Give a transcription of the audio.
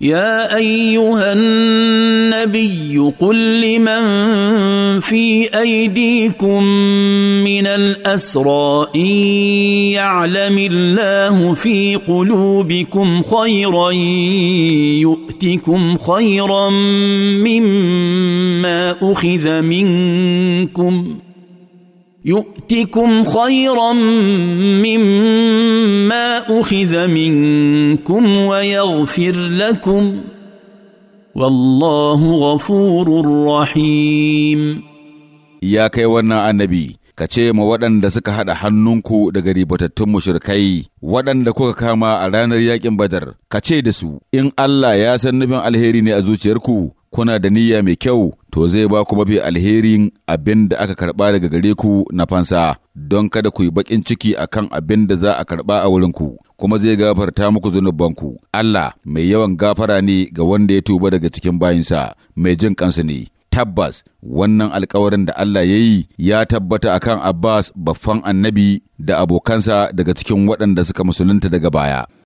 يا ايها النبي قل لمن في ايديكم من الاسرى ان يعلم الله في قلوبكم خيرا يؤتكم خيرا مما اخذ منكم يؤتكم خيرا مما اخذ منكم ويغفر لكم والله غفور رحيم يا كي wannan annabi ka ce ma waɗanda suka haɗa hannunku daga ribatattun mushrikai waɗanda kuka kama a ranar yaƙin badar ka ce da su in Allah ya san nufin alheri ne a zuciyarku kuna da niyya mai kyau to zai ba ku mafi alherin abin da aka karɓa daga gare ku na fansa don kada ku yi baƙin ciki akan abin da za a karɓa a wurinku kuma zai gafarta muku zunubanku Allah mai yawan gafara ne ga wanda ya tuba daga cikin bayinsa mai jin kansa ne tabbas wannan alkawarin da Allah ya yi ya tabbata akan Abbas baffan annabi da abokansa daga cikin waɗanda suka musulunta daga baya